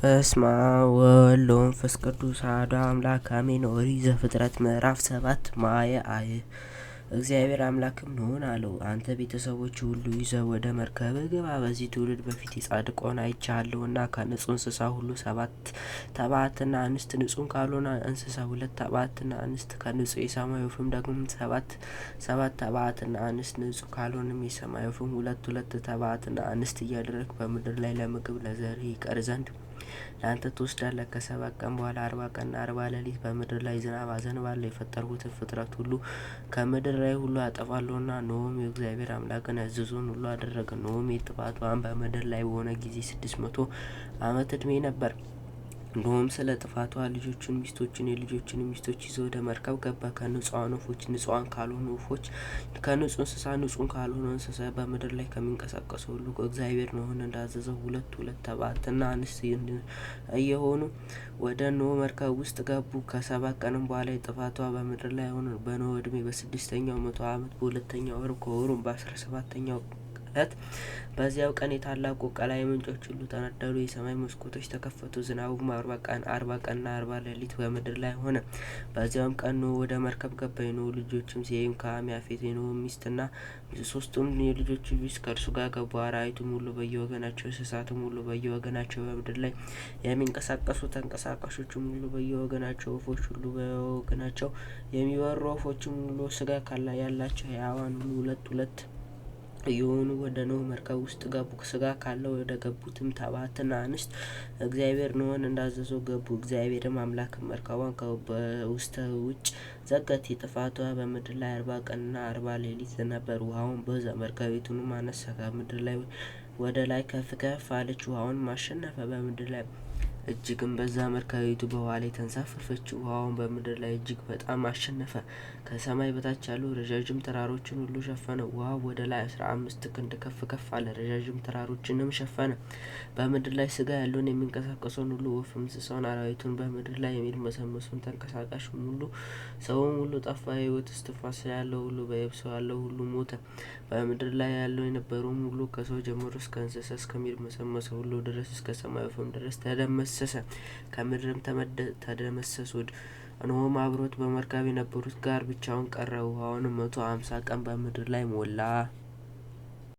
በስመ አብ ወወልድ ወመንፈስ ቅዱስ አሐዱ አምላክ አሜን። ኦሪት ዘፍጥረት ምዕራፍ ሰባት ማየ አየ እግዚአብሔር አምላክም ኖኅን አለው፣ አንተ ቤተሰቦች ሁሉ ይዘ ወደ መርከብ ግባ። በዚህ ትውልድ በፊት የጻድቆን አይቻለሁና ከንጹህ እንስሳ ሁሉ ሰባት ተባዕትና እንስት፣ ንጹሕ ካልሆነ እንስሳ ሁለት ተባዕትና እንስት፣ ከንጹሕ የሰማይ ወፍም ደግሞ ሰባት ሰባት ተባዕትና እንስት፣ ንጹሕ ካልሆነም የሰማይ ወፍም ሁለት ሁለት ተባዕትና እንስት እያደረግ በምድር ላይ ለምግብ ለዘር ይቀር ዘንድ ለአንተ ትወስዳለህ። ከሰባት ቀን በኋላ አርባ ቀንና አርባ ሌሊት በምድር ላይ ዝናብ አዘንባለሁ። የፈጠርሁትን ፍጥረት ሁሉ ከምድር በምድር ላይ ሁሉ አጠፋለሁና። ኖኅም የእግዚአብሔር አምላክን ያዘዘውን ሁሉ አደረገ። ኖኅም የጥፋቷን በምድር ላይ በሆነ ጊዜ ስድስት መቶ አመት ዕድሜ ነበር። እንዲሁም ስለ ጥፋቷ ልጆቹን ሚስቶችን የልጆችን ሚስቶች ይዞ ወደ መርከብ ገባ። ከንጹሐን ወፎች፣ ንጹሐን ካልሆኑ ወፎች፣ ከንጹህ እንስሳ፣ ንጹህ ካልሆነ እንስሳ በምድር ላይ ከሚንቀሳቀሱ ሁሉ እግዚአብሔር ኖኅን እንዳዘዘው ሁለት ሁለት ተባትና አንስት እየሆኑ ወደ ኖኅ መርከብ ውስጥ ገቡ። ከሰባት ቀንም በኋላ ጥፋቷ በምድር ላይ ሆነ። በኖኅ እድሜ በስድስተኛው መቶ ዓመት በሁለተኛው ወር ከወሩም በአስራ ሰባተኛው ዕለት በዚያው ቀን የታላቁ ቀላይ ምንጮች ሁሉ ተናደዱ፣ የሰማይ መስኮቶች ተከፈቱ። ዝናቡም አርባ ቀን አርባ ቀንና አርባ ሌሊት በምድር ላይ ሆነ። በዚያውም ቀን ኖ ወደ መርከብ ገባ። የኖ ልጆችም ሴም፣ ካም፣ ያፌት የኖ ሚስትና ሶስቱም የልጆች ሚስት ከእርሱ ጋር ገቡ። አራዊቱም ሁሉ በየወገናቸው፣ እንስሳትም ሁሉ በየወገናቸው፣ በምድር ላይ የሚንቀሳቀሱ ተንቀሳቃሾችም ሁሉ በየወገናቸው፣ ወፎች ሁሉ በወገናቸው፣ የሚበሩ ወፎችም ሁሉ ስጋ ካላ ያላቸው ሕያዋን ሁሉ ሁለት ሁለት የሆኑ ወደ ኖህ መርከብ ውስጥ ገቡ። ስጋ ካለው ወደ ገቡትም ተባትና አንስት እግዚአብሔር ኖህን እንዳዘዘው ገቡ። እግዚአብሔርም አምላክ መርከቧን ከውስተ ውጭ ዘጋች። የጥፋቷ በምድር ላይ አርባ ቀንና አርባ ሌሊት ነበር። ውሃውን በዛ መርከቢቱንም አነሳ፣ ከምድር ላይ ወደ ላይ ከፍ ከፍ አለች። ውሃውን ማሸነፈ በምድር ላይ እጅግም በዛ። መርከቢቱ በውሃ ላይ ተንሳፈፈች፣ ውሃውን በምድር ላይ እጅግ በጣም አሸነፈ። ከሰማይ በታች ያሉ ረዣዥም ተራሮችን ሁሉ ሸፈነ። ውሃው ወደ ላይ አስራ አምስት ክንድ ከፍ ከፍ አለ፣ ረዣዥም ተራሮችንም ሸፈነ። በምድር ላይ ስጋ ያለውን የሚንቀሳቀሰውን ሁሉ ወፍ፣ እንስሳውን፣ አራዊቱን በምድር ላይ የሚርመሰመሰውን ተንቀሳቃሽ ሁሉ ሰውም ሁሉ ጠፋ። ህይወት እስትንፋስ ያለው ሁሉ በየብሰው ያለው ሁሉ ሞተ። በምድር ላይ ያለው የነበረውም ሁሉ ከሰው ጀምሮ እስከ እንስሳ እስከሚርመሰመሰው ሁሉ ድረስ እስከ ሰማይ ወፍም ድረስ ተደመሰ። ተደመሰሰ። ከምድርም ተደመሰሱ። እነሆም አብሮት በመርከብ የነበሩት ጋር ብቻውን ቀረ። ውሃውንም መቶ አምሳ ቀን በምድር ላይ ሞላ።